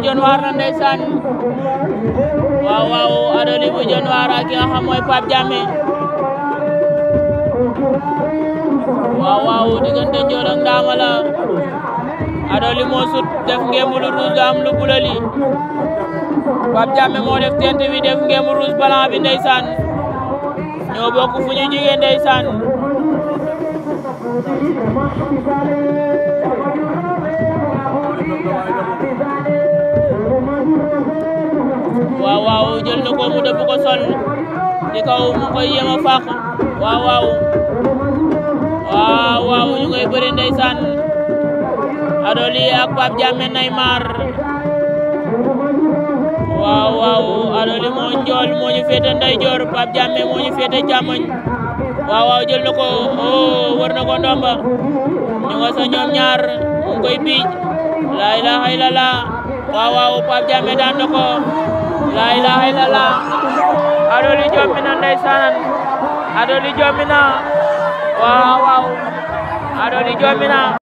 Bujën Waara ndeysaan waaw waaw Adoli bujon Waara ki nga xam moy pap Diame waaw waaw digënté Ndiol ak Ndama la li mo sut def ngemb lu rouge am lu bleu li Pape Diame moo def tente bi def ngemb rouge blanc bi ndeysaan ñoo bokk fu ñu jógee ndeysaan jël na ko ko sonn ci kaw mu koy yéem a fàqu waaw waaw waaw waaw ñu ngay bëri ndeysaan Adoli ak Pape Diame Neymar waaw waaw Adoli moo njool moo ñu féete ndeyjoor Pape Diame moo ñu féete càmmoñ waaw waaw jël oh, wër na ñu nga sa ñaar mu koy piij la ilaha illallah waaw waaw Pape daan na ko ilala Adoli jommi na ndeysaan Adoli jommi na waaw waaw Adoli na